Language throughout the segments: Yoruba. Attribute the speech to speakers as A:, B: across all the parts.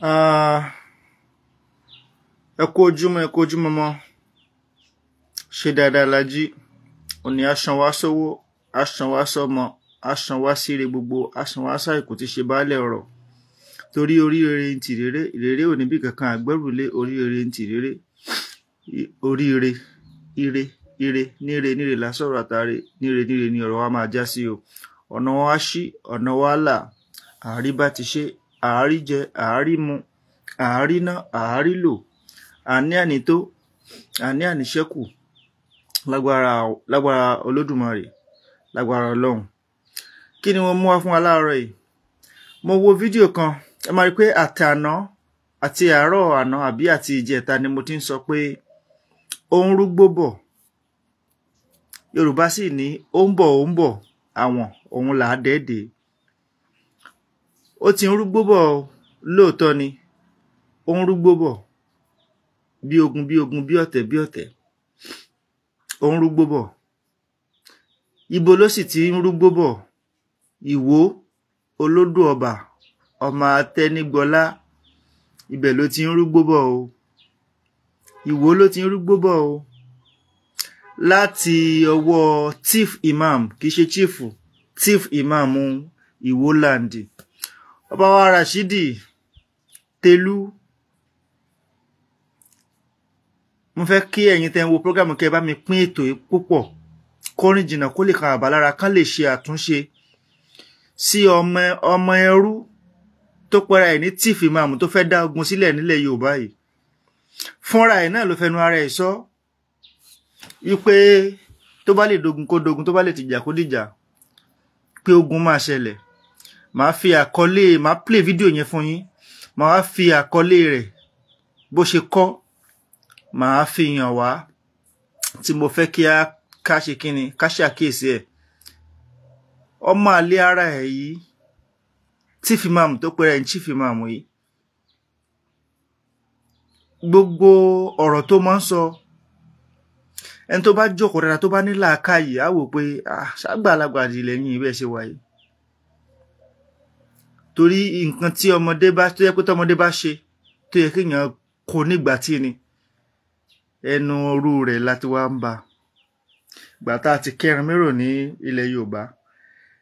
A: ẹ ah, kú ojúmọ́ ẹ kú ojúmọ́ mọ́ ṣe dáadáa la jí òní aṣan wá sówó aṣan wá sọmọ aṣan wá síre gbogbo aṣan wá sáìkò ti ṣe baálẹ̀ ọ̀rọ̀ torí oríire ń tì rere ìrere ò níbì kankan àgbẹrùlé oríire ń tì rere oríire ire ire níre níre lásọ̀rọ̀ àtàrí níre níre ni ọ̀rọ̀ wa máa já sí o ọ̀nà wa ṣí ọ̀nà wa là àríbá ti ṣe àárí jẹ àárí mu àárí ná àárí lò àní ànító àní àníṣẹ́kù lágbára lágbára olódùmarè lágbára ọlọ́run kí ni mo mú wá fún wa láàárọ̀ yìí mo wo fídíò kan ẹ máa rí pé àti àná àti àárọ̀ àná àbí àti ìjẹta ni mo ti ń sọ pé ó ń rúgbó bọ̀ yorùbá sì ní ó ń bọ̀ ó ń bọ̀ àwọn òun là á dẹ́ẹ̀dẹ́ẹ́ ó ti ń rúgbó bọ̀ lóòótọ́ ni ó ń rúgbó bọ̀ bí ogun bí ogun bí ọ̀tẹ̀ bí ọ̀tẹ̀ ó ń rúgbó bọ̀ ibo ló sì ti ń rúgbó bọ̀ ìwó olódò ọba ọmọ atẹnigbọlá ibẹ̀ ló ti ń rúgbó bọ̀ o ìwó ló ti ń rúgbó bọ̀ o láti ọwọ́ Chief Imam kì í ṣe chief Chief Imam Ìwó Land bàbá wa Rashidi Telu mo fẹ́ kí ẹ̀yin tẹ́ ń wo prógámù kẹ́ ẹ bá mi pín ètò yìí púpọ̀ kọrin jìnnà kó lè kan àbálára kán lè ṣe àtúnṣe sí ọmọ ọmọ ẹrú tó pẹ́ra ẹ̀ ní tíìfì máàmù tó fẹ́ dá ogun sílẹ̀ nílẹ̀ Yorùbá yìí fúnra ẹ̀ náà ló fẹnu ara ẹ̀ sọ wípé tó bá lè dogun kó dogun tó bá lè tìjà kó dìjà pé ogun máa ṣẹlẹ̀ màá fi àkọlé màá play fídíò yẹn fún yín màá fi àkọlé rẹ̀ bó ṣe kọ́ màá fi hàn wá tí mo fẹ́ kí a ká ṣe kíni ká ṣàkíyèsí ẹ̀ ọmọ àlè ara ẹ̀ yìí chief imam tó pẹ́rẹ́ ní chief imam yìí gbogbo ọ̀rọ̀ tó máa ń sọ ẹni tó bá jókòó dára tó bá ní làákàyè á wò pé àṣàgbàlagbà ah, dì lẹ́yìn ibẹ̀ ṣe wáyé torí nǹkan tí ọmọdé bá tó yẹ pé tọmọdé bá ṣe tó yẹ kéèyàn kó nígbà tí ni ẹnu ọrú rẹ̀ láti wá ń ba gbà tá a ti kẹrin mérò ní ilẹ̀ Yorùbá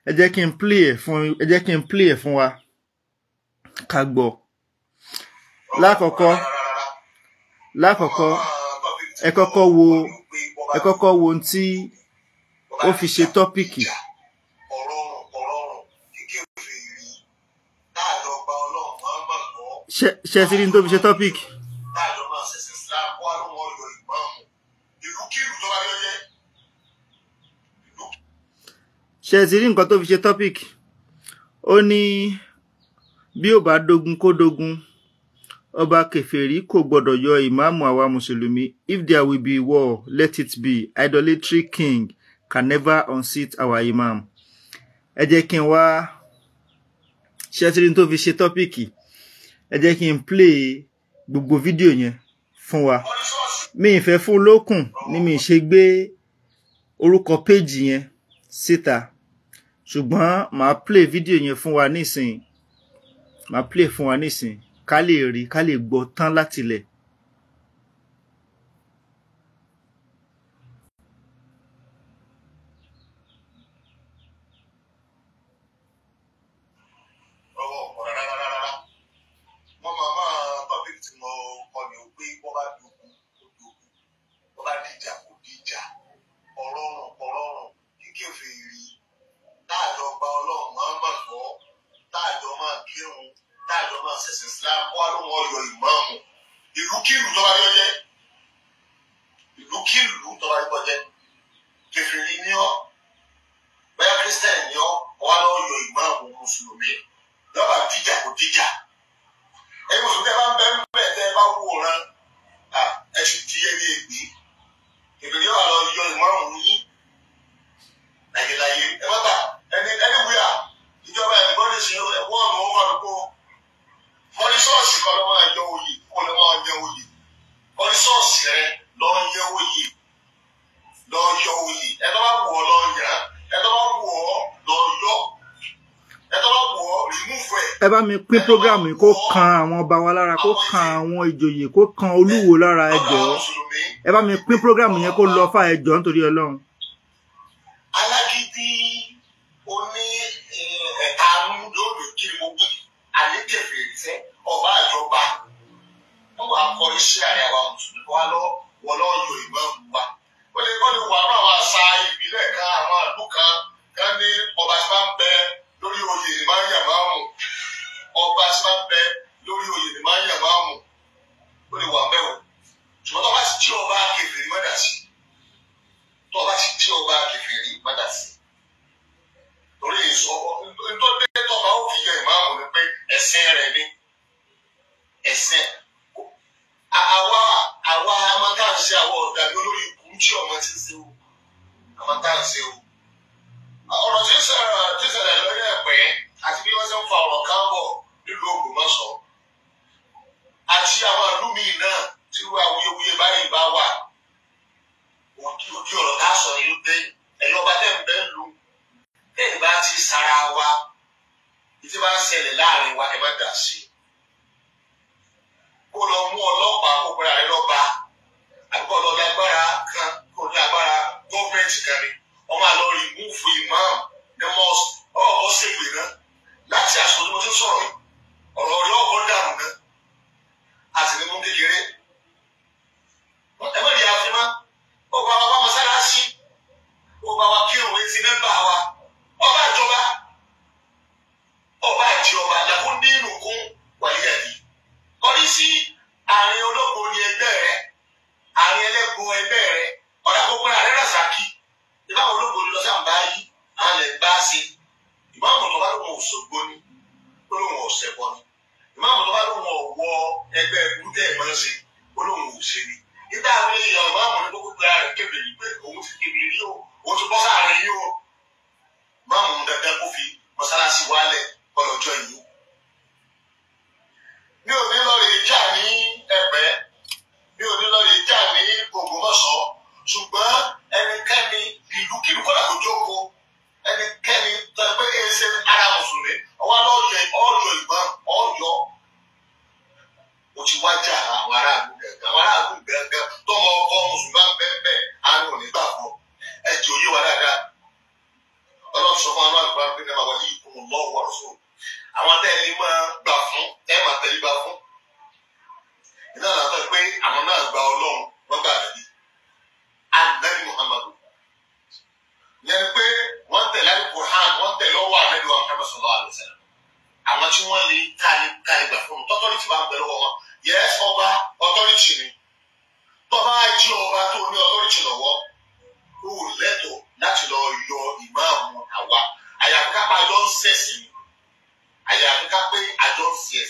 A: ẹ jẹ́ kí n play ẹ̀ fún ẹ jẹ́ kí n play ẹ̀ fún wa ká gbọ́ lákọ̀ọ́kọ́ lákọ̀ọ́kọ́ ẹ kọ́kọ́ wo ẹ kọ́kọ́ wo ohun tí ó fi ṣe tọ́pìkì. ṣe ti rí ní topic. láàjọ máa ṣẹ̀ṣẹ̀ islam wà topic ó ní bí ó dogun ko dogun oba keferi ko gbọ́dọ̀ yọ ìmáàmù àwa mùsùlùmí if there will be war let it be idolatry king can never unseat our imam ẹ jẹ́ kí n wá ṣẹ́tìrín tó fi ṣe tọ́pìkì ẹ jẹ́ kí n play gbogbo fídíò yẹn fún wa mi ìfẹ́ fún lókùn ni mi ṣe gbé orúkọ péjì yẹn síta ṣùgbọ́n màá play fídíò yẹn fún wa nísìnyí màá play fún wa nísìnyí ká lè rí ká lè gbọ́ tán látilẹ̀ Витя! ẹ bá mi pín program yìí kó kan àwọn ọba wa lára kó kan àwọn ìjòyè kó kan olúwo lára ẹ jọ̀ọ́ ẹ bá mi pín program yẹn kó lọ fà ẹ jọ̀ọ́ nítorí Ọlọ́run. alágídí
B: oní àrùn lórí kiri gbogbo ọba àjọba wà kọ iṣẹ́ àyàwó àwọn mùsùlùmí wa lọ wọlọ wà ó lè kọ́ ni wàá náà wà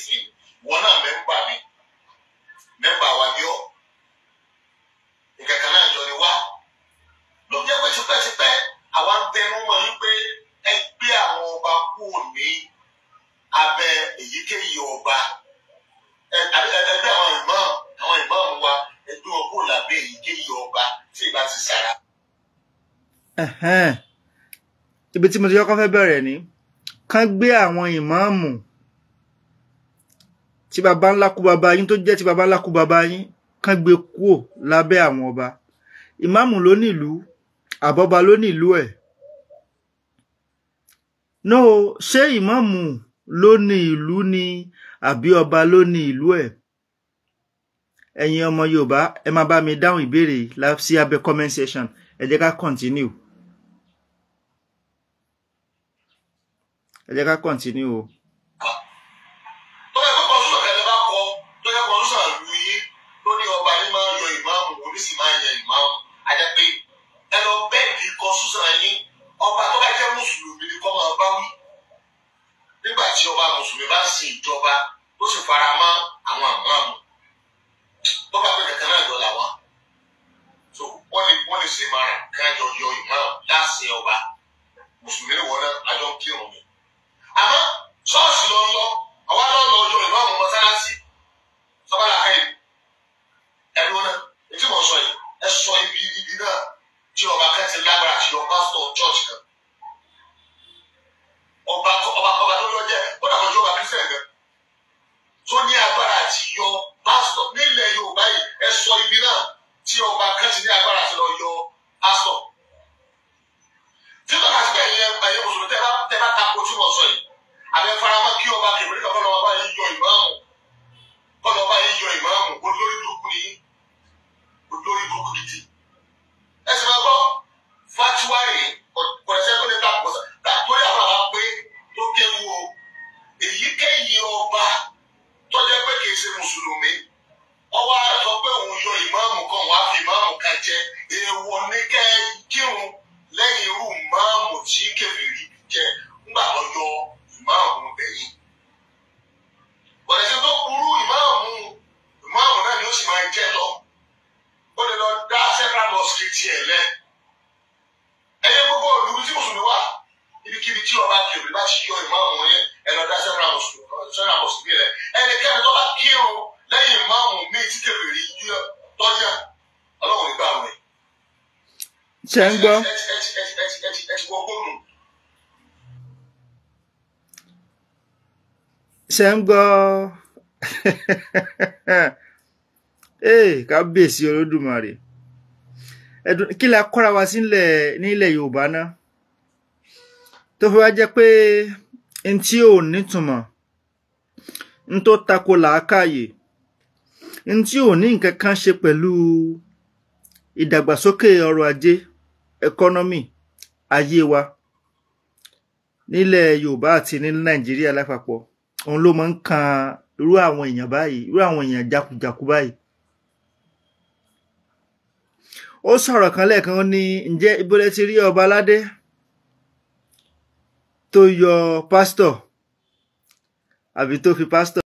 B: sí wọn náà mẹ́mbà mi mẹ́mbà wa ni ọ́ ìkẹ̀kẹ́ náà jọ ni wá ló jẹ́ pé tipẹ́tipẹ́ àwa ń tẹnu mọ́ yín pé ẹ gbé àwọn ọba kú ní abẹ́ èyíkéyìí ọba ẹ ẹgbẹ́ àwọn ìmọ̀ àwọn ìmọ̀ wa
A: ẹgbẹ́ wọn kú lábẹ́ èyíkéyìí ọba tí ì ti sára. ibi tí mo ti kọ́kọ́ fẹ́ bẹ̀rẹ̀ ni kán gbé àwọn ìmáàmù tí baba ńlá kú baba yín tó jẹ́ tí baba ńlá kú baba yín kán gbé kúò lábẹ́ àwọn ọba ìmáàmù ló nílùú àbọ̀ba ló nílùú ẹ̀ no ṣé ìmáàmù ló ní ìlú ni àbí ọba ló ní ìlú ẹ̀ ẹ̀yin ọmọ Yorùbá ẹ máa bá mi dáhùn ìbéèrè sí abẹ́ comment section ẹ jẹ́ ká continue ẹ jẹ́ ká continue o. ṣe ń gbọ́. ṣe ń gbọ́ ee kí la kọ́ra wa yorùbá náà fi jẹ́ pé n tí ò nítumọ̀ tako làákàyè n tí ò ní nǹkan kan ṣe pẹ̀lú ìdàgbàsókè ajé Economy ayé wa nílẹ̀ yorùbá àti ní nàìjíríà lápapọ̀ òun ló máa ń kan irú àwọn èèyàn báyìí irú àwọn èèyàn jákujàku báyìí ó sọ̀rọ̀ kan lẹ́ẹ̀kan ní ǹjẹ́ ibólẹ́ ti rí ọba aládé tó yọ pásítọ̀ àbí tó fi pásítọ̀